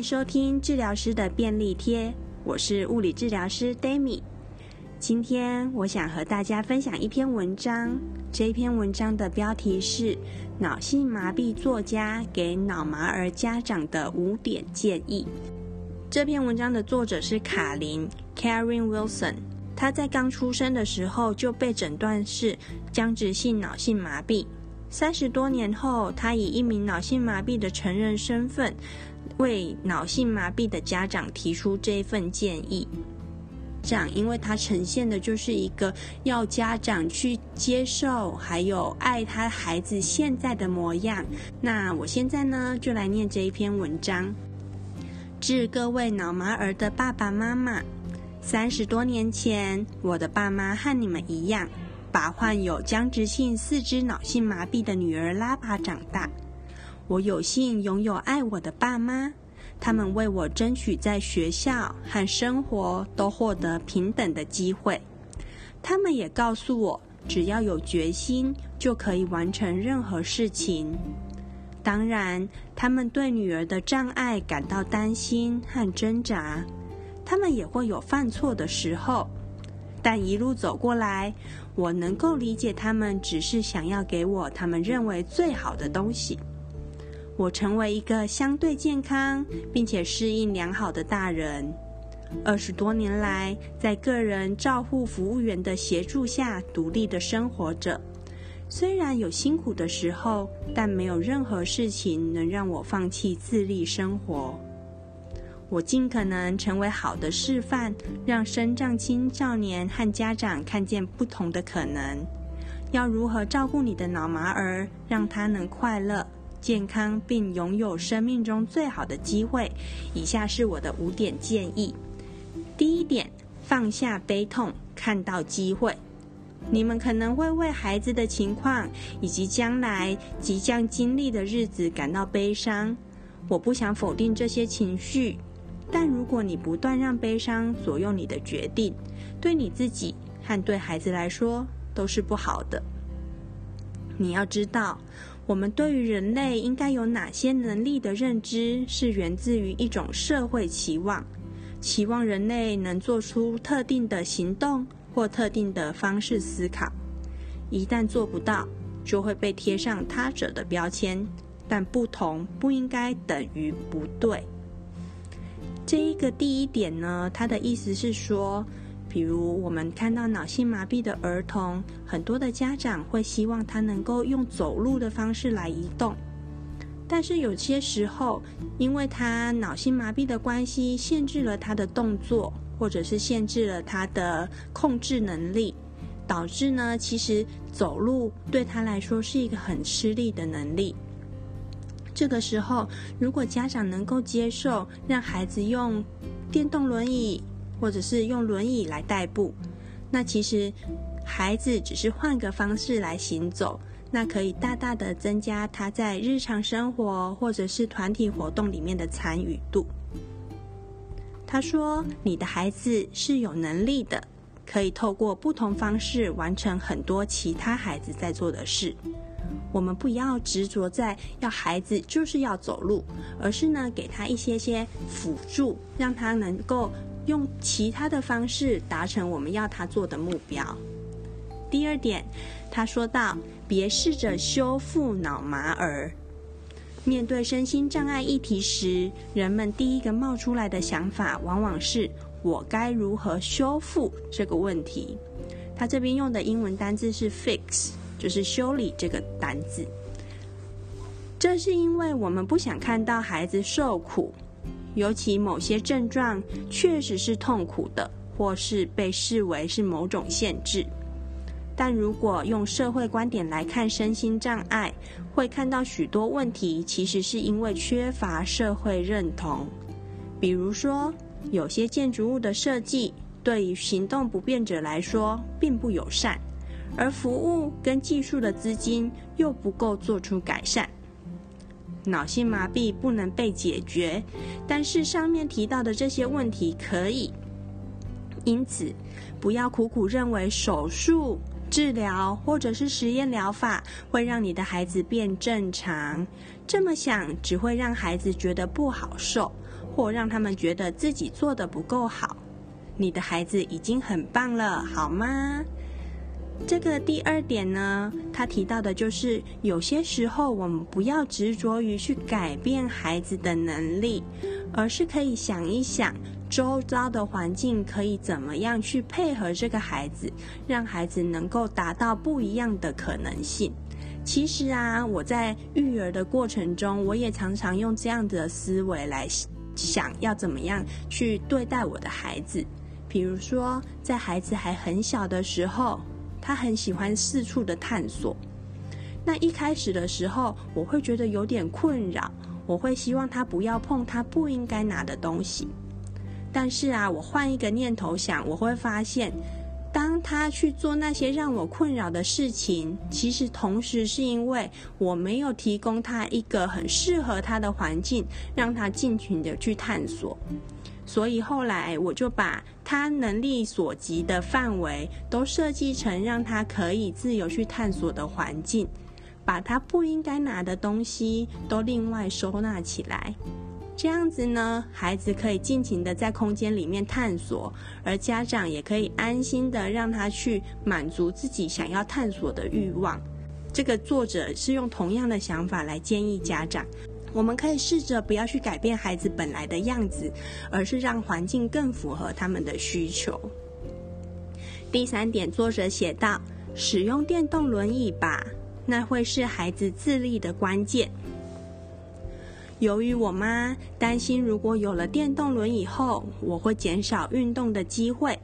歡迎收聽治療師的便利貼，我是物理治療師 Dami。今天我想和大家分享一篇文章。這篇文章的標題是《腦性麻痹作家給腦麻兒家長的五點建議》。這篇文章的作者是卡琳 Karin Wilson。他在剛出生的時候就被診斷是僵直性腦性麻痹。三十多年後，他以一名腦性麻痹的成人身份，為腦性麻痹的家長提出這一份建議，這樣，因為他呈現的就是一個要家長去接受，還有愛他孩子現在的模樣。那我現在呢，就來念這一篇文章。致各位腦麻兒的爸爸媽媽，三十多年前，我的爸媽和你們一樣，把患有僵直性四肢腦性麻痹的女兒拉拔長大。我有幸擁有愛我的爸媽，他們為我爭取在學校和生活都獲得平等的機會。他們也告訴我，只要有決心就可以完成任何事情。當然，他們對女兒的障礙感到擔心和掙扎，他們也會有犯錯的時候。但一路走過來，我能夠理解他們只是想要給我他們認為最好的東西。我成為一個相對健康並且適應良好的大人，二十多年來，在個人照護服務員的協助下，獨立的生活着。雖然有辛苦的時候，但沒有任何事情能讓我放棄自立生活。我盡可能成為好的示範，讓身障青少年和家長看見不同的可能。要如何照顧你的腦麻兒，讓他能快樂、健康並擁有生命中最好的機會。以下是我的五點建議：第一點，放下悲痛，看到機會。你們可能會為孩子的情況以及將來即將經歷的日子感到悲傷。我不想否定這些情緒，但如果你不斷讓悲傷左右你的決定，對你自己和對孩子來說都是不好的。你要知道，我們對於人類應該有哪些能力的認知，是源自於一種社會期望，期望人類能做出特定的行動或特定的方式思考。一旦做不到，就會被貼上他者的標籤。但不同不應該等於不對。這一個第一點呢，它的意思是說。比如，我們看到腦性麻痹的兒童，很多的家長會希望他能夠用走路的方式來移動。但是有些時候，因為他腦性麻痹的關係，限制了他的動作，或者是限制了他的控制能力，導致呢，其實走路對他來說是一個很吃力的能力。這個時候，如果家長能夠接受，讓孩子用電動輪椅。或者是用輪椅來代步，那其實孩子只是換個方式來行走，那可以大大的增加他在日常生活或者是團體活動裡面的參與度。他說：“你的孩子是有能力的，可以透過不同方式完成很多其他孩子在做的事。我們不要執着在要孩子就是要走路，而是呢，給他一些些輔助，讓他能夠。”用其他的方式達成我們要他做的目標。第二點，他說到：“別試着修復腦麻兒。”面對身心障礙議題時，人們第一個冒出來的想法，往往是我該如何修復這個問題。他這邊用的英文單字是 “fix”，就是修理這個單字。這是因為我們不想看到孩子受苦。尤其某些症狀確實是痛苦的，或是被視為是某種限制。但如果用社會觀點來看身心障礙，會看到許多問題其實是因為缺乏社會認同。比如說，有些建築物的設計對於行動不便者來說並不友善，而服務跟技術的資金又不夠做出改善。腦性麻痹不能被解決，但是上面提到的這些問題可以。因此，不要苦苦認為手術治療或者是實驗療法會讓你的孩子變正常。這麼想只會讓孩子覺得不好受，或讓他們覺得自己做得不夠好。你的孩子已經很棒了，好嗎？這個第二點呢，他提到的就是有些時候我們不要執着於去改變孩子的能力，而是可以想一想周遭的環境可以怎麼樣去配合這個孩子，讓孩子能夠達到不一樣的可能性。其實啊，我在育兒的過程中，我也常常用這樣的思維來想，要怎麼樣去對待我的孩子。比如說，在孩子還很小的時候。他很喜歡四處的探索。那一開始的時候，我會覺得有點困擾，我會希望他不要碰他不應該拿的東西。但是啊，我換一個念頭想，我會發現，當他去做那些讓我困擾的事情，其實同時是因為我沒有提供他一個很適合他的環境，讓他盡情的去探索。所以後來我就把他能力所及的範圍都設計成讓他可以自由去探索的環境，把他不應該拿的東西都另外收納起來。這樣子呢，孩子可以盡情地在空間裡面探索，而家長也可以安心地讓他去滿足自己想要探索的慾望。這個作者是用同樣的想法來建議家長。我們可以試着不要去改變孩子本來的樣子，而是讓環境更符合他們的需求。第三點，作者寫道：“使用電動輪椅吧，那會是孩子自立的關鍵。”由於我媽擔心，如果有了電動輪椅後，我會減少運動的機會，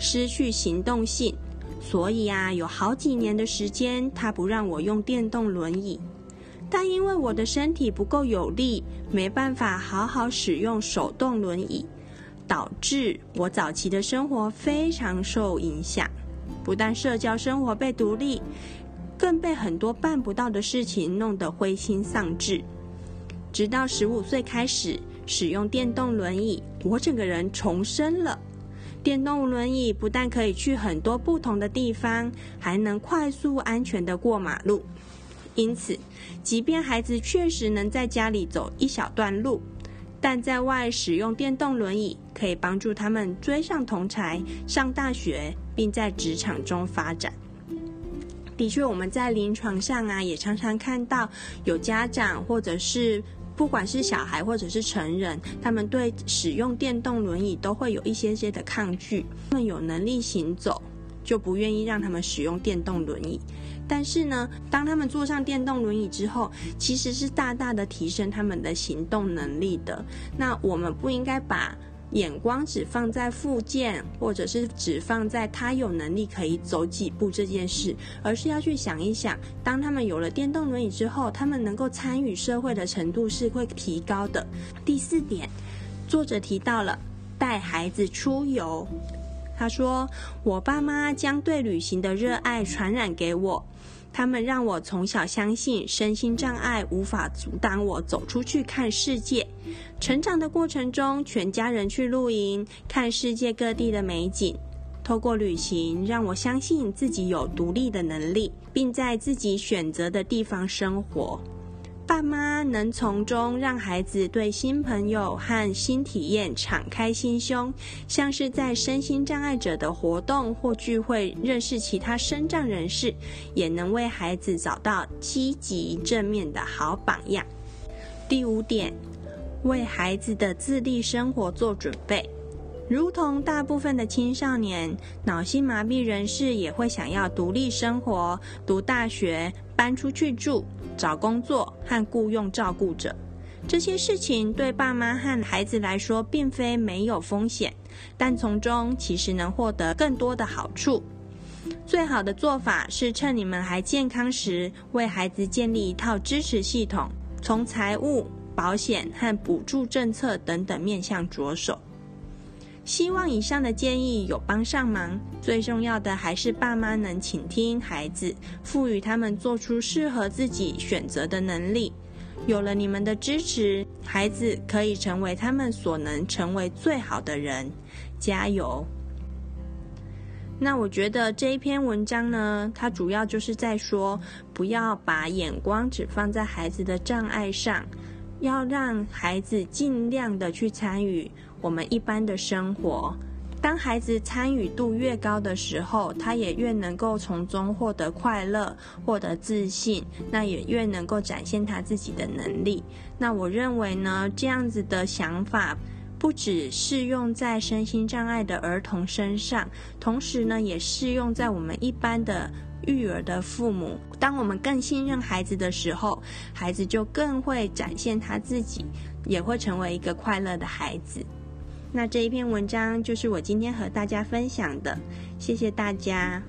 失去行動性，所以啊，有好幾年的時間，她不讓我用電動輪椅。但因為我的身體不夠有力，沒辦法好好使用手動輪椅，導致我早期的生活非常受影響。不但社交生活被獨立，更被很多辦不到的事情弄得灰心喪志。直到十五歲開始使用電動輪椅，我整個人重生了。電動輪椅不但可以去很多不同的地方，還能快速安全地過馬路。因此，即便孩子確實能在家裡走一小段路，但在外使用電動輪椅可以幫助他們追上同儕、上大學，並在職場中發展。的確，我們在臨床上啊，也常常看到有家長或者是不管是小孩或者是成人，他們對使用電動輪椅都會有一些些的抗拒。他們有能力行走，就不願意讓他們使用電動輪椅。但是呢，當他們坐上電動輪椅之後，其實是大大的提升他們的行動能力的。那我們不應該把眼光只放在復健，或者是只放在他有能力可以走幾步這件事，而是要去想一想，當他們有了電動輪椅之後，他們能夠參與社會的程度是會提高的。第四點，作者提到了帶孩子出遊。他說：“我爸媽將對旅行的熱愛傳染給我，他們讓我從小相信身心障礙無法阻擋我走出去看世界。成長的過程中，全家人去露營，看世界各地的美景。透過旅行，讓我相信自己有獨立的能力，並在自己選擇的地方生活。”爸媽能從中讓孩子對新朋友和新體驗敞開心胸，像是在身心障礙者的活動或聚會認識其他身障人士，也能為孩子找到積極正面的好榜樣。第五點，為孩子的自立生活做準備，如同大部分的青少年，腦性麻痹人士也會想要獨立生活、讀大學、搬出去住。找工作和僱用照顧者，這些事情對爸媽和孩子來說並非沒有風險，但從中其實能獲得更多的好處。最好的做法是趁你們還健康時，為孩子建立一套支持系統，從財務、保險和補助政策等等面向着手。希望以上的建議有幫上忙。最重要的還是爸媽能傾聽孩子，賦予他們做出適合自己選擇的能力。有了你們的支持，孩子可以成為他們所能成為最好的人。加油！那我覺得這一篇文章呢，它主要就是在說，不要把眼光只放在孩子的障礙上，要讓孩子盡量的去參與。我們一般的生活，當孩子參與度越高的時候，他也越能夠從中獲得快樂，獲得自信，那也越能夠展現他自己的能力。那我認為呢，這樣子的想法不只適用在身心障礙的兒童身上，同時呢也適用在我們一般的育兒的父母。當我們更信任孩子的時候，孩子就更會展現他自己，也會成為一個快樂的孩子。那這一篇文章就是我今天和大家分享的，謝謝大家。